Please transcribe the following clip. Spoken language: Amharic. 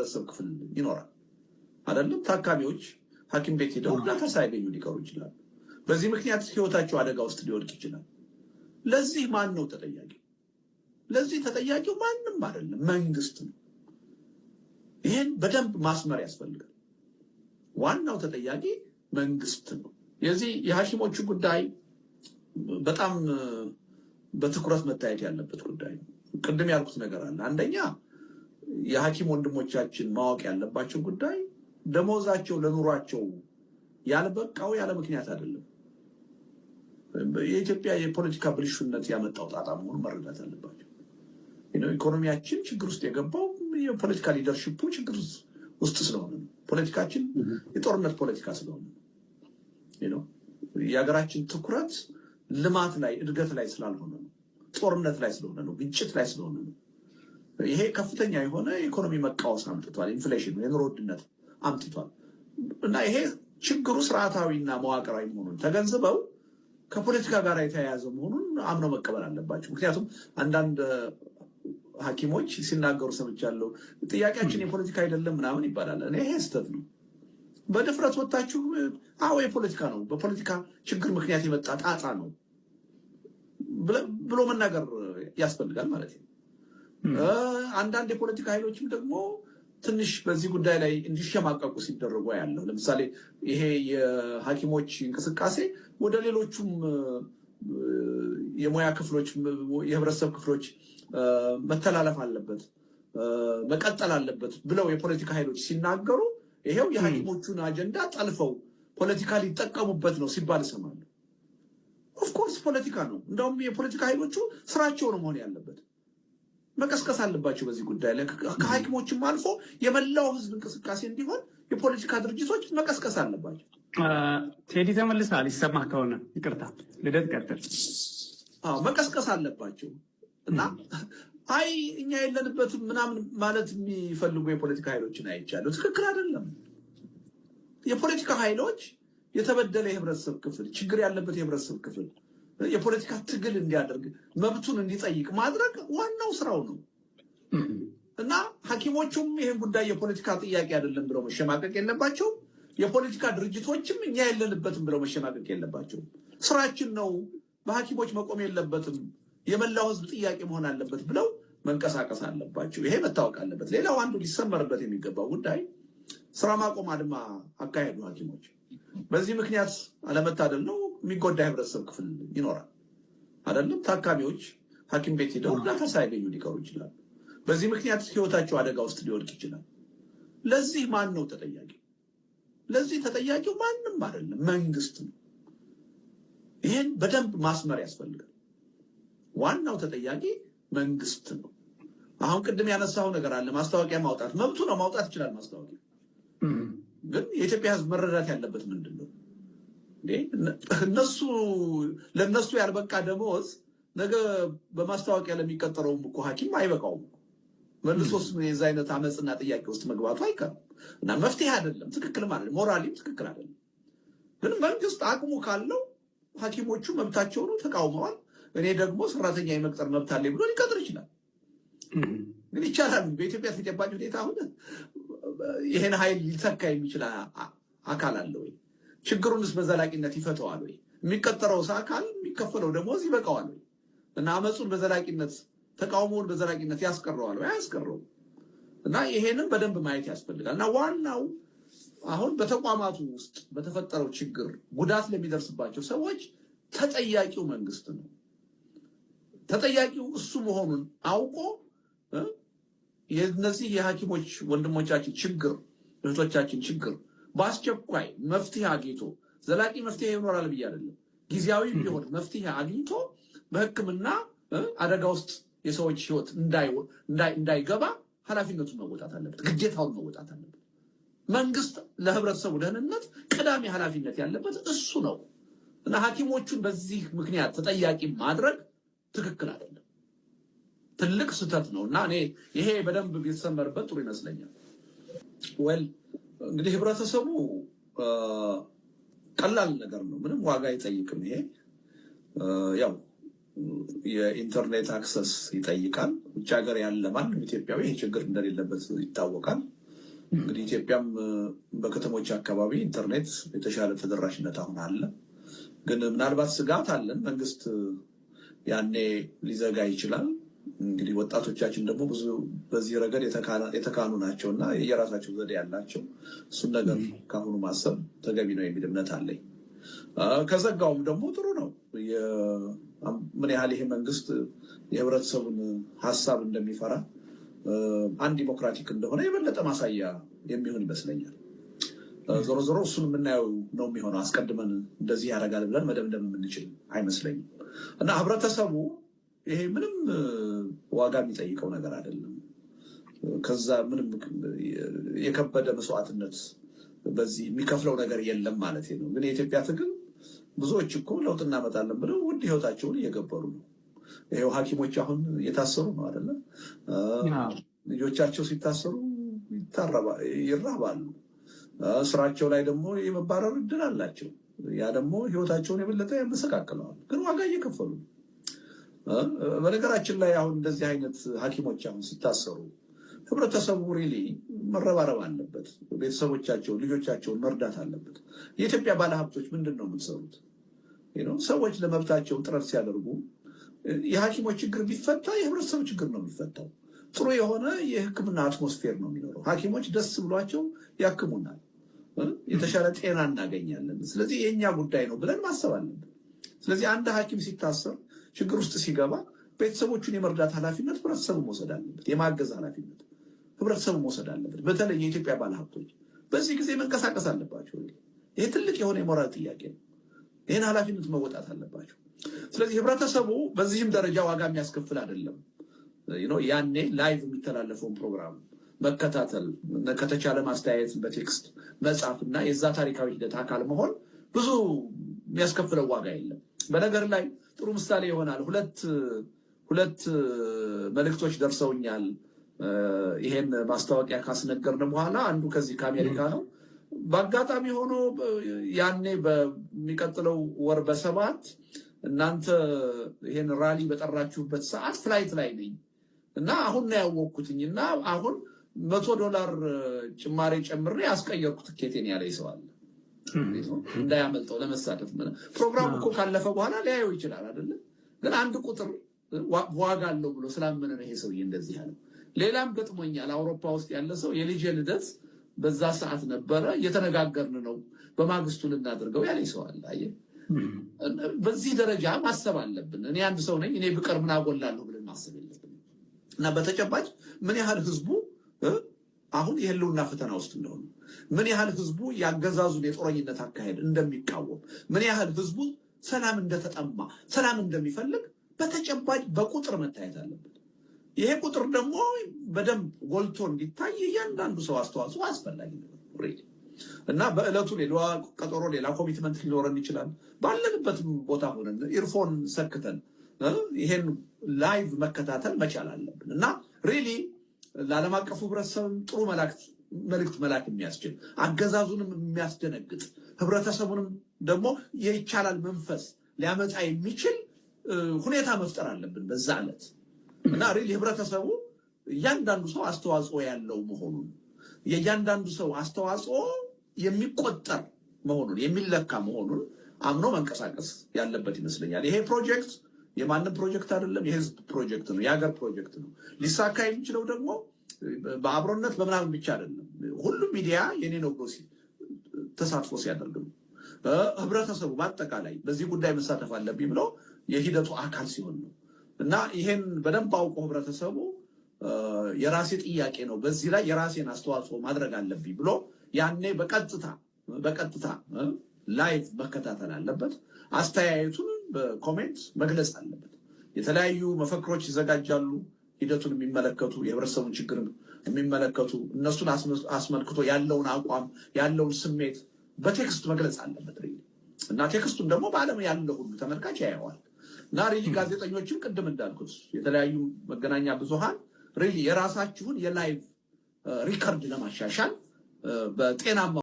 የህብረተሰብ ክፍል ይኖራል አይደለም። ታካሚዎች ሐኪም ቤት ሄደው እርዳታ ሳያገኙ ሊቀሩ ይችላሉ። በዚህ ምክንያት ህይወታቸው አደጋ ውስጥ ሊወድቅ ይችላል። ለዚህ ማን ነው ተጠያቂ? ለዚህ ተጠያቂው ማንም አይደለም፣ መንግስት ነው። ይህን በደንብ ማስመር ያስፈልጋል። ዋናው ተጠያቂ መንግስት ነው። የዚህ የሐኪሞቹ ጉዳይ በጣም በትኩረት መታየት ያለበት ጉዳይ ነው። ቅድም ያልኩት ነገር አለ አንደኛ የሐኪም ወንድሞቻችን ማወቅ ያለባቸው ጉዳይ ደሞዛቸው ለኑሯቸው ያልበቃው ያለ ምክንያት አይደለም። የኢትዮጵያ የፖለቲካ ብልሹነት ያመጣው ጣጣ መሆኑ መረዳት አለባቸው። ኢኮኖሚያችን ችግር ውስጥ የገባው የፖለቲካ ሊደርሽፑ ችግር ውስጥ ስለሆነ ነው። ፖለቲካችን የጦርነት ፖለቲካ ስለሆነ ነው። የሀገራችን ትኩረት ልማት ላይ እድገት ላይ ስላልሆነ ነው። ጦርነት ላይ ስለሆነ ነው። ግጭት ላይ ስለሆነ ነው። ይሄ ከፍተኛ የሆነ ኢኮኖሚ መቃወስ አምጥቷል። ኢንፍሌሽን፣ የኑሮ ውድነት አምጥቷል እና ይሄ ችግሩ ስርዓታዊና መዋቅራዊ መሆኑን ተገንዝበው ከፖለቲካ ጋር የተያያዘ መሆኑን አምነው መቀበል አለባቸው። ምክንያቱም አንዳንድ ሐኪሞች ሲናገሩ ሰምቻለሁ። ጥያቄያችን የፖለቲካ አይደለም ምናምን ይባላል። እኔ ይሄ ስህተት ነው። በድፍረት ወታችሁ አዎ የፖለቲካ ነው፣ በፖለቲካ ችግር ምክንያት የመጣ ጣጣ ነው ብሎ መናገር ያስፈልጋል ማለት ነው። አንዳንድ የፖለቲካ ኃይሎችም ደግሞ ትንሽ በዚህ ጉዳይ ላይ እንዲሸማቀቁ ሲደረጉ ያለው ለምሳሌ ይሄ የሐኪሞች እንቅስቃሴ ወደ ሌሎቹም የሙያ ክፍሎች የህብረተሰብ ክፍሎች መተላለፍ አለበት መቀጠል አለበት ብለው የፖለቲካ ኃይሎች ሲናገሩ ይሄው የሐኪሞቹን አጀንዳ ጠልፈው ፖለቲካ ሊጠቀሙበት ነው ሲባል እሰማለሁ። ኦፍኮርስ ፖለቲካ ነው። እንደውም የፖለቲካ ኃይሎቹ ስራቸው ነው መሆን ያለበት። መቀስቀስ አለባቸው። በዚህ ጉዳይ ላይ ከሐኪሞችም አልፎ የመላው ህዝብ እንቅስቃሴ እንዲሆን የፖለቲካ ድርጅቶች መቀስቀስ አለባቸው። ቴዲ ተመልሳል። ይሰማ ከሆነ ይቅርታ፣ ልደት ቀጥል። መቀስቀስ አለባቸው እና አይ እኛ የለንበትም ምናምን ማለት የሚፈልጉ የፖለቲካ ኃይሎችን አይቻለሁ። ትክክል አይደለም። የፖለቲካ ኃይሎች የተበደለ የህብረተሰብ ክፍል፣ ችግር ያለበት የህብረተሰብ ክፍል የፖለቲካ ትግል እንዲያደርግ መብቱን እንዲጠይቅ ማድረግ ዋናው ስራው ነው እና ሐኪሞቹም ይህን ጉዳይ የፖለቲካ ጥያቄ አይደለም ብለው መሸማቀቅ የለባቸው የፖለቲካ ድርጅቶችም እኛ የለንበትም ብለው መሸማቀቅ የለባቸው። ስራችን ነው፣ በሐኪሞች መቆም የለበትም፣ የመላው ህዝብ ጥያቄ መሆን አለበት ብለው መንቀሳቀስ አለባቸው። ይሄ መታወቅ አለበት። ሌላው አንዱ ሊሰመርበት የሚገባው ጉዳይ ስራ ማቆም አድማ አካሄዱ ሐኪሞች በዚህ ምክንያት አለመታደል ነው የሚጎዳ ህብረተሰብ ክፍል ይኖራል አይደለም። ታካሚዎች ሐኪም ቤት ሄደው እርዳታ ሳያገኙ ሊቀሩ ይችላሉ። በዚህ ምክንያት ህይወታቸው አደጋ ውስጥ ሊወድቅ ይችላል። ለዚህ ማን ነው ተጠያቂ? ለዚህ ተጠያቂው ማንም አይደለም፣ መንግስት ነው። ይህን በደንብ ማስመር ያስፈልጋል። ዋናው ተጠያቂ መንግስት ነው። አሁን ቅድም ያነሳው ነገር አለ። ማስታወቂያ ማውጣት መብቱ ነው፣ ማውጣት ይችላል። ማስታወቂያ ግን የኢትዮጵያ ህዝብ መረዳት ያለበት ምንድን ነው? እነሱ ለእነሱ ያልበቃ ደመወዝ ነገ በማስታወቂያ ለሚቀጠረውም እኮ ሐኪም አይበቃውም። መልሶስ የዚ አይነት አመፅና ጥያቄ ውስጥ መግባቱ አይቀርም እና መፍትሄ አይደለም፣ ትክክልም አይደለም፣ ሞራሊም ትክክል አይደለም። ግን መንግስት አቅሙ ካለው ሐኪሞቹ መብታቸው ነው፣ ተቃውመዋል። እኔ ደግሞ ሰራተኛ የመቅጠር መብት አለኝ ብሎ ሊቀጥር ይችላል። ግን ይቻላል። በኢትዮጵያ ተጨባጭ ሁኔታ አሁን ይህን ኃይል ሊተካ የሚችል አካል አለ ችግሩንስ በዘላቂነት ይፈተዋል ወይ? የሚቀጠረው አካል የሚከፈለው ደሞዝ ይበቃዋል ወይ? እና አመፁን በዘላቂነት ተቃውሞውን በዘላቂነት ያስቀረዋል ወይ? አያስቀረውም። እና ይሄንም በደንብ ማየት ያስፈልጋል። እና ዋናው አሁን በተቋማቱ ውስጥ በተፈጠረው ችግር ጉዳት ለሚደርስባቸው ሰዎች ተጠያቂው መንግስት ነው። ተጠያቂው እሱ መሆኑን አውቆ የእነዚህ የሐኪሞች ወንድሞቻችን ችግር እህቶቻችን ችግር በአስቸኳይ መፍትሄ አግኝቶ ዘላቂ መፍትሄ ይኖራል ብዬ አይደለም፣ ጊዜያዊ ቢሆን መፍትሄ አግኝቶ በሕክምና አደጋ ውስጥ የሰዎች ህይወት እንዳይገባ ኃላፊነቱን መወጣት አለበት፣ ግዴታውን መወጣት አለበት። መንግስት ለህብረተሰቡ ደህንነት ቀዳሚ ኃላፊነት ያለበት እሱ ነው እና ሐኪሞቹን በዚህ ምክንያት ተጠያቂ ማድረግ ትክክል አይደለም፣ ትልቅ ስህተት ነው እና እኔ ይሄ በደንብ ቢሰመርበት ጥሩ ይመስለኛል። ወል እንግዲህ ህብረተሰቡ ቀላል ነገር ነው፣ ምንም ዋጋ አይጠይቅም። ይሄ ያው የኢንተርኔት አክሰስ ይጠይቃል። ውጭ ሀገር ያለ ማንም ኢትዮጵያዊ ይህ ችግር እንደሌለበት ይታወቃል። እንግዲህ ኢትዮጵያም በከተሞች አካባቢ ኢንተርኔት የተሻለ ተደራሽነት አሁን አለ። ግን ምናልባት ስጋት አለን መንግስት ያኔ ሊዘጋ ይችላል። እንግዲህ ወጣቶቻችን ደግሞ ብዙ በዚህ ረገድ የተካኑ ናቸው እና የራሳቸው ዘዴ ያላቸው እሱን ነገር ካሁኑ ማሰብ ተገቢ ነው የሚል እምነት አለኝ። ከዘጋውም ደግሞ ጥሩ ነው። ምን ያህል ይሄ መንግስት የህብረተሰቡን ሀሳብ እንደሚፈራ አንድ ዲሞክራቲክ እንደሆነ የበለጠ ማሳያ የሚሆን ይመስለኛል። ዞሮ ዞሮ እሱን የምናየው ነው የሚሆነው። አስቀድመን እንደዚህ ያደርጋል ብለን መደምደም የምንችል አይመስለኝም እና ህብረተሰቡ ይሄ ምንም ዋጋ የሚጠይቀው ነገር አይደለም። ከዛ ምንም የከበደ መስዋዕትነት በዚህ የሚከፍለው ነገር የለም ማለት ነው። ግን የኢትዮጵያ ትግል ብዙዎች እኮ ለውጥ እናመጣለን ብለው ውድ ህይወታቸውን እየገበሩ ነው። ይሄው ሐኪሞች አሁን እየታሰሩ ነው አይደለም። ልጆቻቸው ሲታሰሩ ይራባሉ። ስራቸው ላይ ደግሞ የመባረር እድል አላቸው። ያ ደግሞ ህይወታቸውን የበለጠ ያመሰቃቅለዋል። ግን ዋጋ እየከፈሉ ነው። በነገራችን ላይ አሁን እንደዚህ አይነት ሐኪሞች አሁን ሲታሰሩ ህብረተሰቡ ሪሊ መረባረብ አለበት። ቤተሰቦቻቸውን፣ ልጆቻቸውን መርዳት አለበት። የኢትዮጵያ ባለሀብቶች ምንድን ነው የምትሰሩት? ሰዎች ለመብታቸው ጥረት ሲያደርጉ የሐኪሞች ችግር ቢፈታ የህብረተሰቡ ችግር ነው የሚፈታው። ጥሩ የሆነ የህክምና አትሞስፌር ነው የሚኖረው። ሐኪሞች ደስ ብሏቸው ያክሙናል፣ የተሻለ ጤና እናገኛለን። ስለዚህ የእኛ ጉዳይ ነው ብለን ማሰብ አለብን። ስለዚህ አንድ ሐኪም ሲታሰር ችግር ውስጥ ሲገባ ቤተሰቦቹን የመርዳት ኃላፊነት ህብረተሰቡ መውሰድ አለበት። የማገዝ ኃላፊነት ህብረተሰቡ መውሰድ አለበት። በተለይ የኢትዮጵያ ባለሀብቶች በዚህ ጊዜ መንቀሳቀስ አለባቸው። ይህ ትልቅ የሆነ የሞራል ጥያቄ ነው። ይህን ኃላፊነት መወጣት አለባቸው። ስለዚህ ህብረተሰቡ በዚህም ደረጃ ዋጋ የሚያስከፍል አይደለም። ያኔ ላይቭ የሚተላለፈውን ፕሮግራም መከታተል ከተቻለ ማስተያየት በቴክስት መጻፍ እና የዛ ታሪካዊ ሂደት አካል መሆን ብዙ የሚያስከፍለው ዋጋ የለም። በነገር ላይ ጥሩ ምሳሌ ይሆናል። ሁለት ሁለት መልእክቶች ደርሰውኛል። ይሄን ማስታወቂያ ካስነገርን በኋላ አንዱ ከዚህ ከአሜሪካ ነው። በአጋጣሚ ሆኖ ያኔ በሚቀጥለው ወር በሰባት እናንተ ይሄን ራሊ በጠራችሁበት ሰዓት ፍላይት ላይ ነኝ እና አሁን ነው ያወቅኩትኝ እና አሁን መቶ ዶላር ጭማሬ ጨምሬ ያስቀየርኩ ትኬቴን ያለ ይሰዋል። እንዳያመልጠው ለመሳደፍ ፕሮግራሙ እኮ ካለፈ በኋላ ሊያየው ይችላል አይደለም። ግን አንድ ቁጥር ዋጋ አለው ብሎ ስላመነ ነው ይሄ ሰውዬ እንደዚህ ያለው። ሌላም ገጥሞኛል። አውሮፓ ውስጥ ያለ ሰው የልጄ ልደት በዛ ሰዓት ነበረ፣ እየተነጋገርን ነው በማግስቱ ልናደርገው ያለ ይሰዋል። አየ በዚህ ደረጃ ማሰብ አለብን። እኔ አንድ ሰው ነኝ፣ እኔ ብቀር ምን አጎላለሁ ብለን ማሰብ የለብን እና በተጨባጭ ምን ያህል ህዝቡ አሁን የህልውና ፈተና ውስጥ እንደሆነ ምን ያህል ህዝቡ ያገዛዙን የጦረኝነት አካሄድ እንደሚቃወም ምን ያህል ህዝቡ ሰላም እንደተጠማ ሰላም እንደሚፈልግ በተጨባጭ በቁጥር መታየት አለበት። ይሄ ቁጥር ደግሞ በደንብ ጎልቶ እንዲታይ እያንዳንዱ ሰው አስተዋጽኦ አስፈላጊ ነው እና በእለቱ ሌላ ቀጠሮ ሌላ ኮሚትመንት ሊኖረን ይችላል። ባለንበት ቦታ ሆነን ኢርፎን ሰክተን ይሄን ላይቭ መከታተል መቻል አለብን እና ሪሊ ለዓለም አቀፉ ህብረተሰብ ጥሩ መልእክት መላክ የሚያስችል አገዛዙንም የሚያስደነግጥ ህብረተሰቡንም ደግሞ የይቻላል መንፈስ ሊያመጣ የሚችል ሁኔታ መፍጠር አለብን በዛ ዕለት እና ሪል ህብረተሰቡ እያንዳንዱ ሰው አስተዋጽኦ ያለው መሆኑን የእያንዳንዱ ሰው አስተዋጽኦ የሚቆጠር መሆኑን የሚለካ መሆኑን አምኖ መንቀሳቀስ ያለበት ይመስለኛል። ይሄ ፕሮጀክት የማንም ፕሮጀክት አይደለም፣ የህዝብ ፕሮጀክት ነው፣ የሀገር ፕሮጀክት ነው። ሊሳካ የሚችለው ደግሞ በአብሮነት በምናምን ብቻ አይደለም። ሁሉም ሚዲያ የኔ ነው ብሎ ተሳትፎ ሲያደርግ ነው። ህብረተሰቡ በአጠቃላይ በዚህ ጉዳይ መሳተፍ አለብኝ ብሎ የሂደቱ አካል ሲሆን ነው እና ይሄን በደንብ አውቆ ህብረተሰቡ የራሴ ጥያቄ ነው፣ በዚህ ላይ የራሴን አስተዋጽኦ ማድረግ አለብኝ ብሎ ያኔ በቀጥታ በቀጥታ ላይቭ መከታተል አለበት። አስተያየቱን በኮሜንት መግለጽ አለበት። የተለያዩ መፈክሮች ይዘጋጃሉ። ሂደቱን የሚመለከቱ የህብረተሰቡን ችግር የሚመለከቱ እነሱን አስመልክቶ ያለውን አቋም ያለውን ስሜት በቴክስት መግለጽ አለበት እና ቴክስቱን ደግሞ በዓለም ያለው ሁሉ ተመልካች ያየዋል እና ሪሊ ጋዜጠኞችም ቅድም እንዳልኩት የተለያዩ መገናኛ ብዙሃን ሪሊ የራሳችሁን የላይቭ ሪከርድ ለማሻሻል በጤናማ